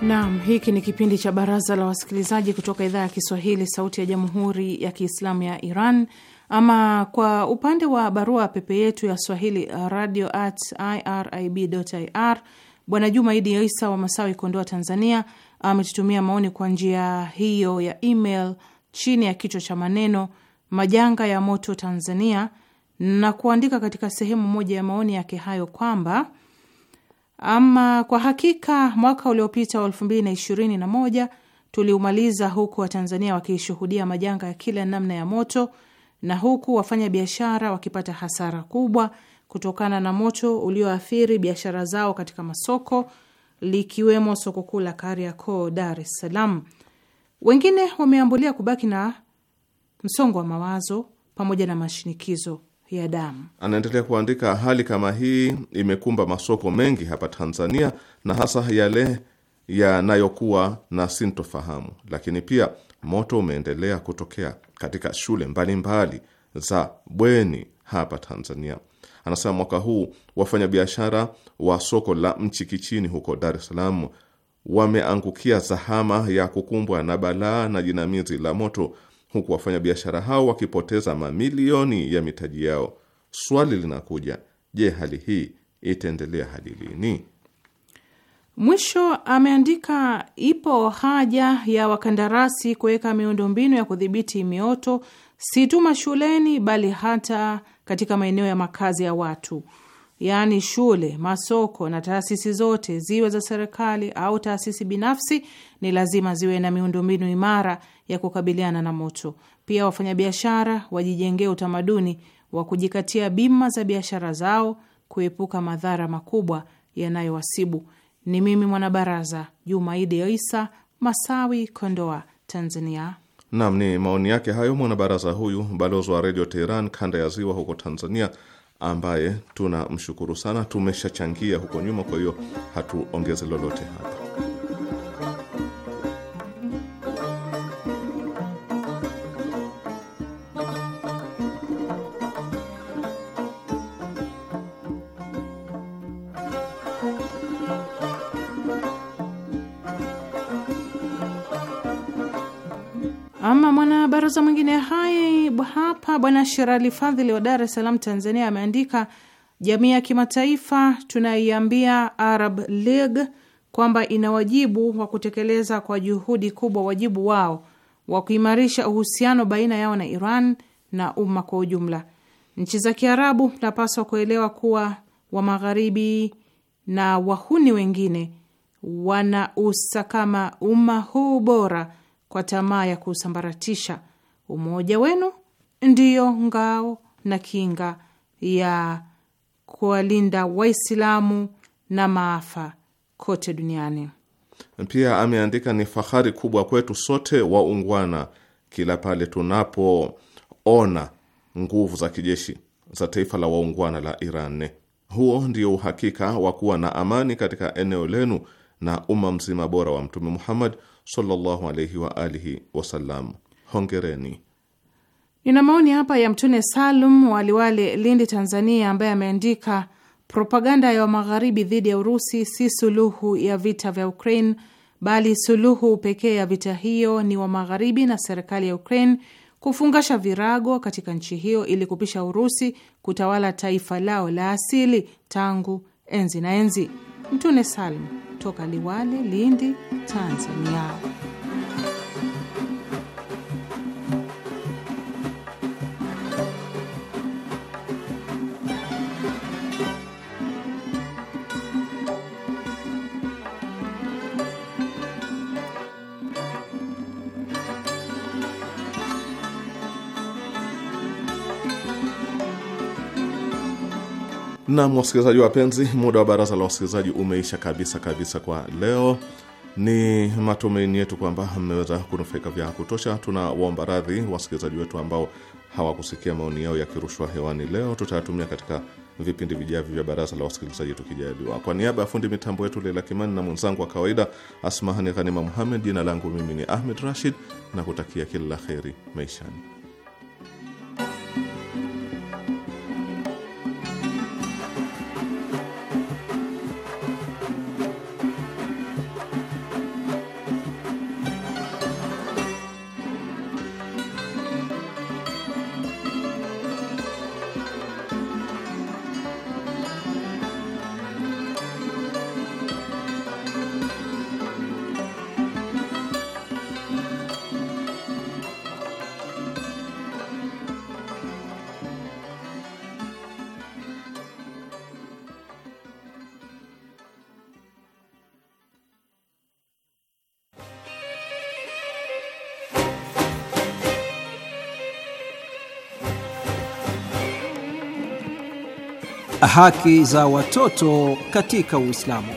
Nam, hiki ni kipindi cha Baraza la Wasikilizaji kutoka idhaa ya Kiswahili, Sauti ya Jamhuri ya Kiislamu ya Iran. Ama kwa upande wa barua pepe yetu ya Swahili uh, radio at irib ir, Bwana Juma Idi Isa wa Masawi, Kondoa, Tanzania, ametutumia maoni kwa njia hiyo ya email chini ya kichwa cha maneno majanga ya moto Tanzania, na kuandika katika sehemu moja ya maoni yake hayo kwamba ama kwa hakika mwaka uliopita wa elfu mbili na ishirini na moja tuliumaliza huku Watanzania wakiishuhudia majanga ya kila namna ya moto na huku wafanya biashara wakipata hasara kubwa kutokana na moto ulioathiri biashara zao katika masoko likiwemo soko kuu la Kariakoo, Dar es Salaam. Wengine wameambulia kubaki na msongo wa mawazo pamoja na mashinikizo ya damu. Anaendelea kuandika, hali kama hii imekumba masoko mengi hapa Tanzania, na hasa yale yanayokuwa na sintofahamu, lakini pia moto umeendelea kutokea katika shule mbalimbali mbali za bweni hapa Tanzania. Anasema mwaka huu wafanyabiashara wa soko la Mchikichini huko Dar es Salaam wameangukia zahama ya kukumbwa na balaa na jinamizi la moto, huku wafanyabiashara hao wakipoteza mamilioni ya mitaji yao. Swali linakuja, je, hali hii itaendelea hadi lini? Mwisho ameandika ipo haja ya wakandarasi kuweka miundombinu ya kudhibiti mioto si tu mashuleni, bali hata katika maeneo ya makazi ya watu, yaani shule, masoko na taasisi zote, ziwe za serikali au taasisi binafsi, ni lazima ziwe na miundombinu imara ya kukabiliana na moto. Pia wafanyabiashara wajijengee utamaduni wa kujikatia bima za biashara zao, kuepuka madhara makubwa yanayowasibu ni mimi mwanabaraza Jumaidi ya Isa Masawi, Kondoa, Tanzania. Nam, ni maoni yake hayo mwanabaraza huyu balozi wa Redio Teheran kanda ya Ziwa huko Tanzania, ambaye tunamshukuru sana. Tumeshachangia huko nyuma, kwa hiyo hatuongeze lolote hapa. Ama mwanabaraza mwingine hai hapa bwana Sherali Fadhili wa Dar es Salaam, Tanzania, ameandika jamii ya kimataifa tunaiambia Arab League kwamba ina wajibu wa kutekeleza kwa juhudi kubwa wajibu wao wa kuimarisha uhusiano baina yao na Iran na umma kwa ujumla. Nchi za Kiarabu napaswa kuelewa kuwa wa magharibi na wahuni wengine kama umma huu bora kwa tamaa ya kusambaratisha. Umoja wenu ndiyo ngao na kinga ya kuwalinda Waislamu na maafa kote duniani. Pia ameandika, ni fahari kubwa kwetu sote waungwana, kila pale tunapoona nguvu za kijeshi za taifa la waungwana la Iran. Huo ndio uhakika wa kuwa na amani katika eneo lenu na umma mzima bora wa Mtume Muhammad sallallahu alaihi wa alihi wasallam. Hongereni. Nina maoni hapa ya Mtune Salum Waliwale, Lindi, Tanzania, ambaye ameandika propaganda ya Magharibi dhidi ya Urusi si suluhu ya vita vya Ukraine, bali suluhu pekee ya vita hiyo ni wa Magharibi na serikali ya Ukraine kufungasha virago katika nchi hiyo ili kupisha Urusi kutawala taifa lao la asili tangu enzi na enzi. Mtune Salum toka Liwale, Lindi, Tanzania. Nam, wasikilizaji wapenzi, muda wa baraza la wasikilizaji umeisha kabisa kabisa kwa leo. Ni matumaini yetu kwamba mmeweza kunufaika vya kutosha. Tunawaomba radhi wasikilizaji wetu ambao hawakusikia maoni yao yakirushwa hewani leo. Tutayatumia katika vipindi vijavyo vya baraza la wasikilizaji tukijaliwa. Kwa niaba ya fundi mitambo yetu Leila Kimani na mwenzangu wa kawaida Asmahani Ghanima Muhammed, jina langu mimi ni Ahmed Rashid na kutakia kila la kheri maishani. Haki za watoto katika Uislamu.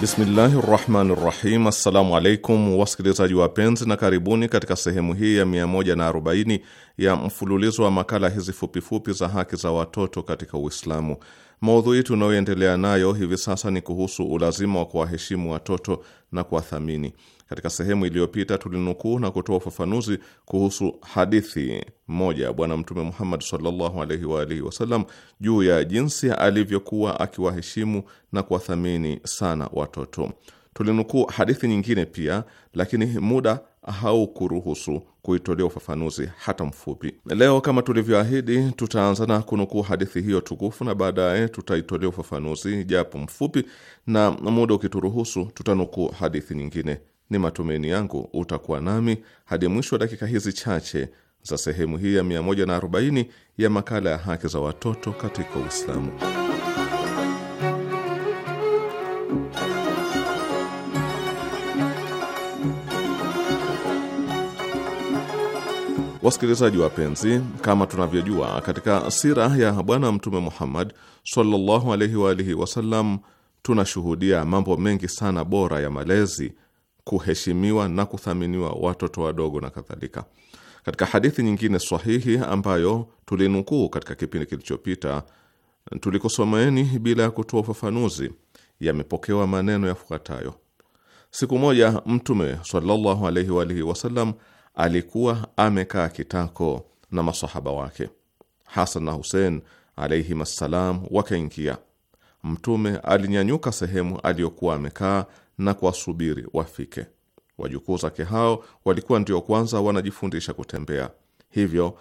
Bismillahi rahmani rahim. Assalamu alaikum wasikilizaji wapenzi, na karibuni katika sehemu hii ya 140 ya mfululizo wa makala hizi fupifupi za haki za watoto katika Uislamu. Maudhui tunayoendelea nayo hivi sasa ni kuhusu ulazima wa kuwaheshimu watoto na kuwathamini. Katika sehemu iliyopita tulinukuu na kutoa ufafanuzi kuhusu hadithi moja ya Bwana Mtume Muhammad sallallahu alaihi wa alihi wasallam juu ya jinsi alivyokuwa akiwaheshimu na kuwathamini sana watoto. Tulinukuu hadithi nyingine pia, lakini muda haukuruhusu kuitolea ufafanuzi hata mfupi. Leo kama tulivyoahidi, tutaanza na kunukuu hadithi hiyo tukufu na baadaye tutaitolea ufafanuzi japo mfupi, na muda ukituruhusu tutanukuu hadithi nyingine. Ni matumaini yangu utakuwa nami hadi mwisho wa dakika hizi chache za sehemu hii ya 140 ya makala ya haki za watoto katika Uislamu. Wasikilizaji wapenzi, kama tunavyojua katika sira ya Bwana Mtume Muhammad sallallahu alaihi wa alihi wasallam tunashuhudia mambo mengi sana bora ya malezi kuheshimiwa na kuthaminiwa watoto wadogo na kadhalika. Katika hadithi nyingine sahihi ambayo tulinukuu katika kipindi kilichopita tulikosomeeni bila ya kutoa ufafanuzi, yamepokewa maneno yafuatayo: siku moja Mtume sallallahu alaihi wa alihi wasallam alikuwa amekaa kitako na masahaba wake. Hasan na Husein alaihim assalam wakaingia. Mtume alinyanyuka sehemu aliyokuwa amekaa na kuwasubiri wafike. Wajukuu zake hao walikuwa ndio kwanza wanajifundisha kutembea, hivyo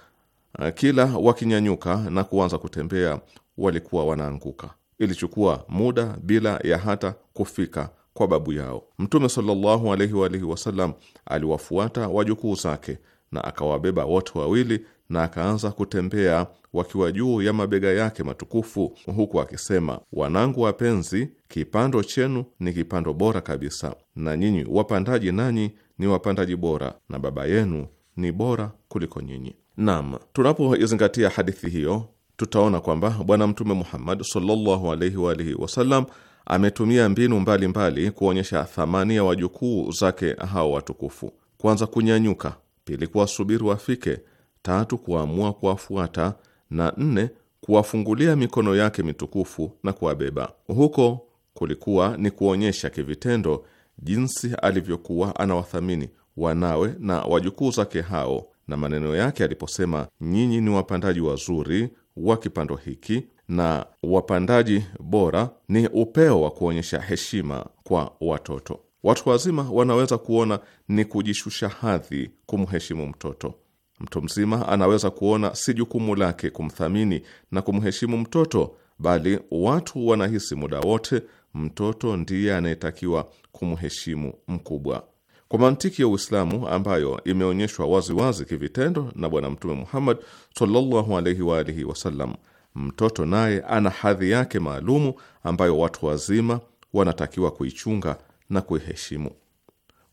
eh, kila wakinyanyuka na kuanza kutembea walikuwa wanaanguka. Ilichukua muda bila ya hata kufika kwa babu yao. Mtume sallallahu alaihi wa alihi wasallam aliwafuata wajukuu zake na akawabeba wote wawili na akaanza kutembea wakiwa juu ya mabega yake matukufu, huku akisema, wanangu wapenzi Kipando chenu ni kipando bora kabisa, na nyinyi wapandaji nanyi ni wapandaji bora, na baba yenu ni bora kuliko nyinyi. Naam, tunapoizingatia hadithi hiyo tutaona kwamba Bwana Mtume Muhammad sallallahu alaihi wa alihi wasallam ametumia mbinu mbalimbali mbali kuonyesha thamani ya wajukuu zake hao watukufu: kwanza, kunyanyuka; pili, kuwasubiri wafike; tatu, kuamua kuwafuata; na nne, kuwafungulia mikono yake mitukufu na kuwabeba. Huko kulikuwa ni kuonyesha kivitendo jinsi alivyokuwa anawathamini wanawe na wajukuu zake hao, na maneno yake aliposema, nyinyi ni wapandaji wazuri wa kipando hiki na wapandaji bora, ni upeo wa kuonyesha heshima kwa watoto. Watu wazima wanaweza kuona ni kujishusha hadhi kumheshimu mtoto. Mtu mzima anaweza kuona si jukumu lake kumthamini na kumheshimu mtoto bali watu wanahisi muda wote mtoto ndiye anayetakiwa kumheshimu mkubwa. Kwa mantiki ya Uislamu ambayo imeonyeshwa waziwazi kivitendo na Bwana Mtume Muhammad sallallahu alaihi wa alihi wasallam, mtoto naye ana hadhi yake maalumu ambayo watu wazima wanatakiwa kuichunga na kuiheshimu.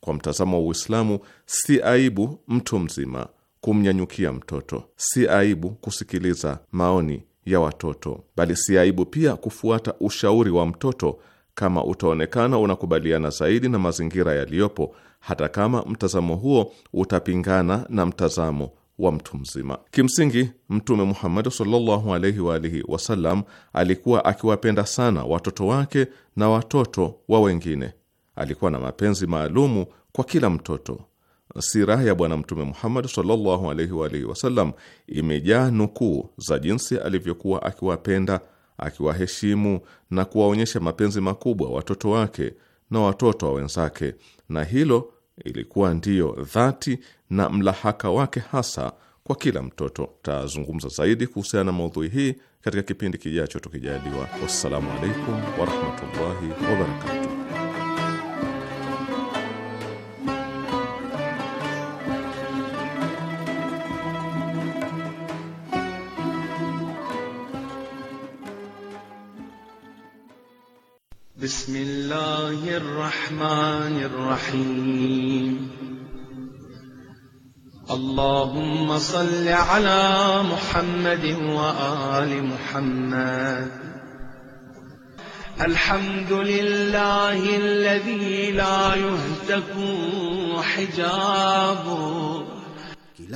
Kwa mtazamo wa Uislamu, si aibu mtu mzima kumnyanyukia mtoto, si aibu kusikiliza maoni ya watoto, bali si aibu pia kufuata ushauri wa mtoto kama utaonekana unakubaliana zaidi na mazingira yaliyopo, hata kama mtazamo huo utapingana na mtazamo wa mtu mzima. Kimsingi, Mtume Muhammad sallallahu alaihi wa alihi wasallam alikuwa akiwapenda sana watoto wake na watoto wa wengine. Alikuwa na mapenzi maalumu kwa kila mtoto. Sira ya Bwana Mtume Muhammad sallallahu alaihi wa alihi wasallam imejaa nukuu za jinsi alivyokuwa akiwapenda, akiwaheshimu na kuwaonyesha mapenzi makubwa watoto wake na watoto wa wenzake, na hilo ilikuwa ndiyo dhati na mlahaka wake hasa kwa kila mtoto. Tazungumza zaidi kuhusiana na maudhui hii katika kipindi kijacho tukijaliwa. Wassalamu alaikum warahmatullahi wabarakatuh. الرحيم اللهم صل على محمد وآل محمد الحمد لله الذي لا يهتك حجابه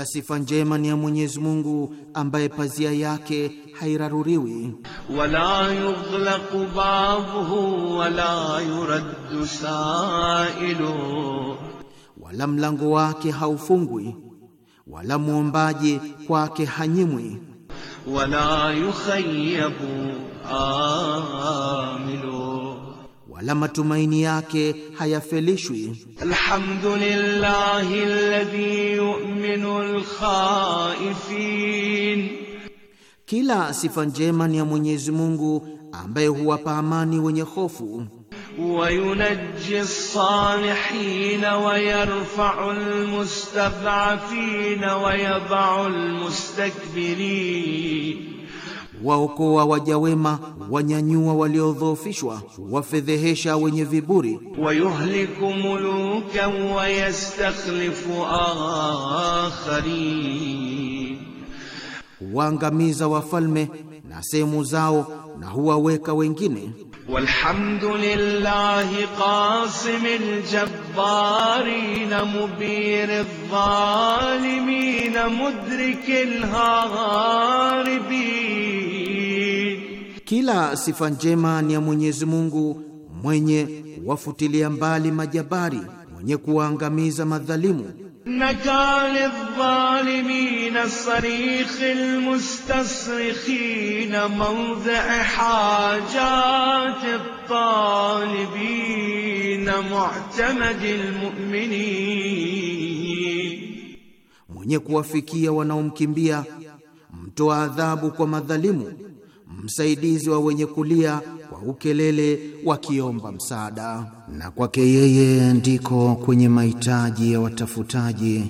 na sifa njema ni ya Mwenyezi Mungu ambaye pazia yake hairaruriwi wala yughlaq babuhu wala yuraddu sailu, wala mlango wake haufungwi wala mwombaji kwake hanyimwi wala yukhayyabu amilu wala matumaini yake hayafelishwi. Alhamdulillahi alladhi yu'minu alkhaifin, kila sifa njema ni ya Mwenyezi Mungu ambaye huwapa amani wenye hofu. Wayunajji as-salihin wa yarfa'u al-mustad'afin wa yadh'u al-mustakbirin waokoa wajawema, wanyanyua waliodhoofishwa, wafedhehesha wenye viburi. Wayuhliku wayastakhlifu akharin, waangamiza wafalme na sehemu zao na huwaweka wengine. Walhamdulillahi qasimil dhalimin mudrikil kila sifa njema ni ya Mwenyezi Mungu mwenye wafutilia mbali majabari, mwenye kuwaangamiza madhalimu. Mwenye kuwafikia wanaomkimbia, mtoa adhabu kwa madhalimu msaidizi wa wenye kulia kwa ukelele wakiomba msaada, na kwake yeye ndiko kwenye mahitaji ya watafutaji,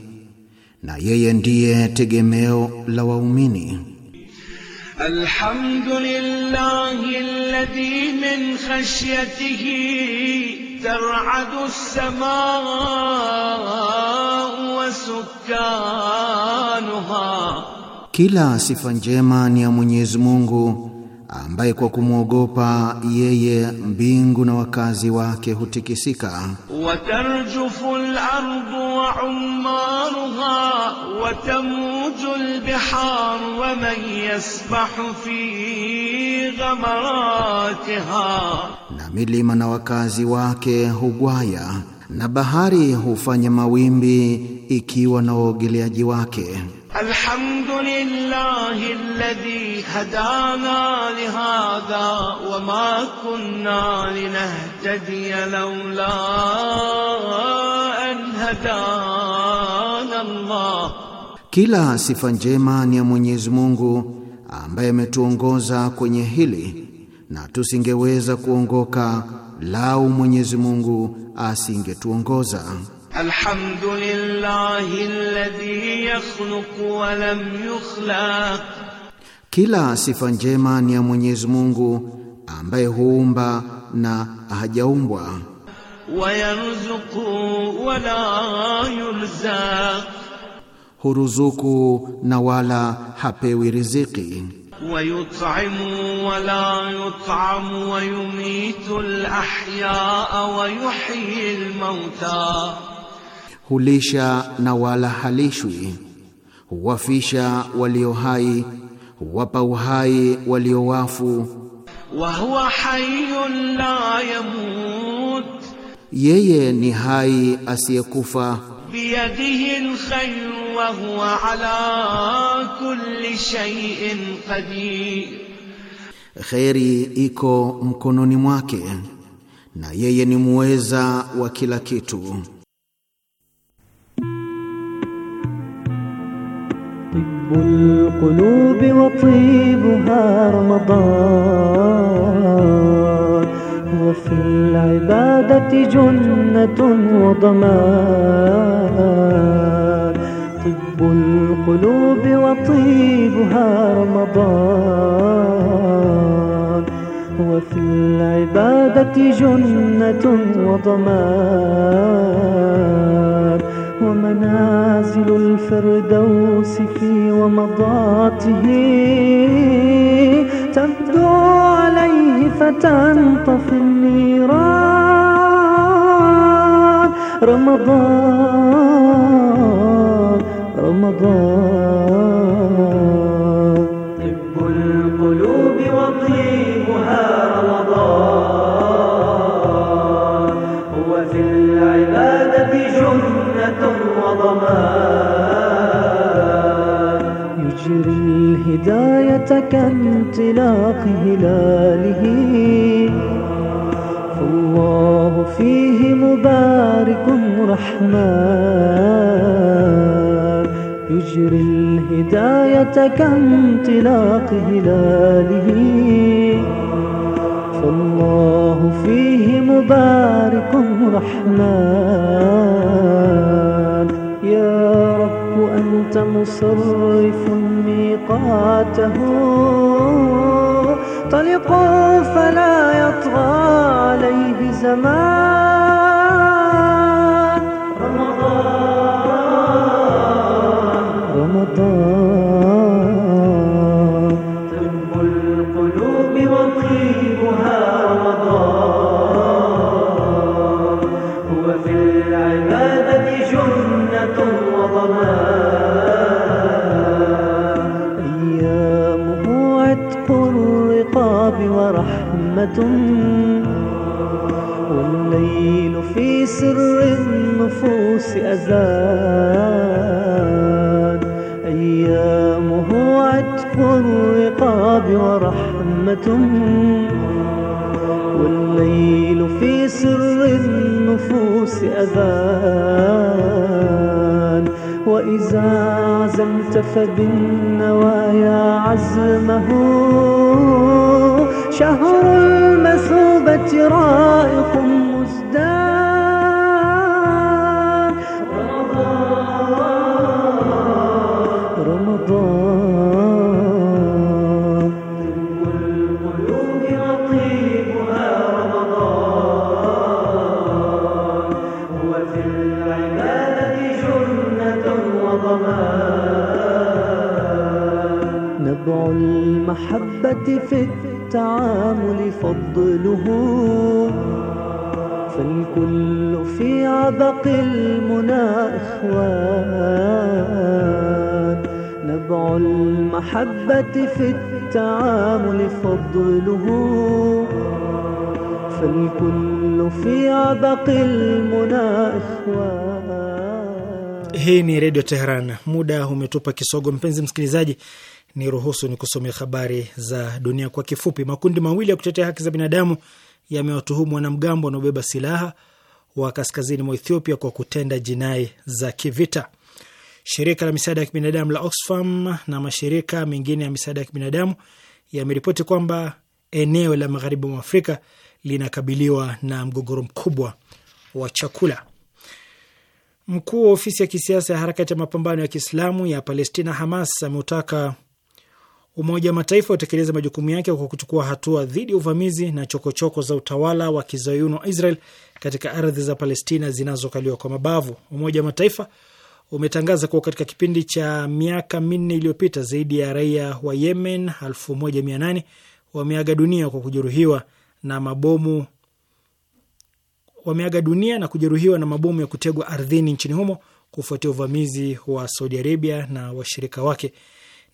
na yeye ndiye tegemeo la waumini. Alhamdulillahi alladhi min khashyatihi tar'adu as samaau wa sukkanuha, kila sifa njema ni ya Mwenyezi Mungu ambaye kwa kumwogopa yeye mbingu na wakazi wake hutikisika. watarjufu al wa ummaruha wa tamuju bihar wa man yasbahu fi ghamaratiha, na milima na wakazi wake hugwaya na bahari hufanya mawimbi ikiwa na waogeleaji wake. الحمد لله الذي هدانا لهذا وما كنا لنهتدي لولا أن هدانا الله Kila sifa njema ni ya Mwenyezi Mungu ambaye ametuongoza kwenye hili na tusingeweza kuongoka lau Mwenyezi Mungu asingetuongoza. الحمد لله الذي يخلق ولم يخلق yukhlaq, kila sifa njema ni ya Mwenyezi Mungu ambaye huumba na hajaumbwa. Wayarzuqu wa la yurzaq, huruzuku na wala hapewi riziki. Wayut'imu wa la yut'amu, wayumitu al ahya wa yuhyi al-mautaa hulisha na wala halishwi, huwafisha walio hai, huwapa uhai walio wafu. Wa huwa hayyun la yamut, yeye ni hai asiyekufa. Biyadihi alkhayr wa huwa ala kulli shay'in qadir, khairi iko mkononi mwake na yeye ni muweza wa kila kitu. طيب القلوب وطيبها رمضان وفي العبادة جنة وضمان طب القلوب وطيبها رمضان وفي العبادة جنة وضمان منازل الفردوس في ومضاته تبدو عليه فتنطفي النيران رمضان رمضان بداية كامتلاق هلاله فالله فيه مبارك رحمن يجري الهداية كانطلاق هلاله فالله فيه مبارك رحمن يا رب أنت مصرف ميقاته طلق فلا يطغى عليه زمان رمضان رمضان تنمو القلوب وطيبها رمضان هو في العبادة جنة وضمان والليل في سر النفوس أزاد أيامه عتق الرقاب ورحمة والليل في سر النفوس أذان وإذا عزمت فبالنوايا عزمه شهر المثوبة رائق مزدان رمضان رمضان دم القلوب رطيبها رمضان هو في العبادة جنة وضمان نبع المحبة في الدنيا التعامل فضله فالكل في عبق المنى إخوان نبع المحبة في التعامل فضله فالكل في عبق المنى إخوان. Hii ni Redio Teheran. Muda umetupa kisogo, mpenzi msikilizaji ni ruhusu ni kusomea habari za dunia kwa kifupi. Makundi mawili ya kutetea haki za binadamu yamewatuhumu wanamgambo wanaobeba silaha wa kaskazini mwa Ethiopia kwa kutenda jinai za kivita. Shirika la misaada ya kibinadamu la Oxfam na mashirika mengine ya misaada ya kibinadamu yameripoti kwamba eneo la magharibi mwa Afrika linakabiliwa na mgogoro mkubwa wa chakula. Mkuu wa ofisi ya kisiasa ya harakati ya mapambano ya Kiislamu ya Palestina Hamas ameutaka Umoja wa Mataifa utekeleza majukumu yake kwa kuchukua hatua dhidi ya uvamizi na chokochoko -choko za utawala wa kizayuni wa Israel katika ardhi za Palestina zinazokaliwa kwa mabavu. Umoja wa Mataifa umetangaza kuwa katika kipindi cha miaka minne iliyopita zaidi ya raia wa Yemen 1800 wameaga dunia kwa kujeruhiwa na mabomu wameaga dunia na kujeruhiwa na mabomu ya kutegwa ardhini nchini humo kufuatia uvamizi wa Saudi Arabia na washirika wake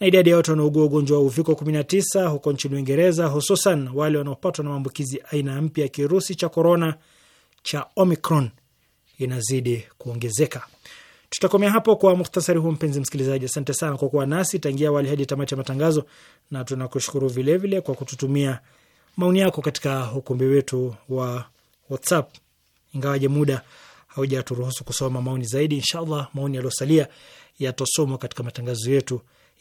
na idadi ya watu wanaougua ugonjwa wa uviko 19 huko nchini Uingereza, hususan wale wanaopatwa na maambukizi aina mpya ya kirusi cha korona cha Omicron inazidi kuongezeka. Tutakomea hapo kwa muhtasari huu, mpenzi msikilizaji. Asante sana kwa kuwa nasi tangia awali hadi tamati ya matangazo, na tunakushukuru vilevile kwa kututumia maoni yako katika ukumbi wetu wa WhatsApp, ingawaje muda haujaturuhusu kusoma maoni zaidi. Inshallah, maoni yaliyosalia yatosomwa katika matangazo yetu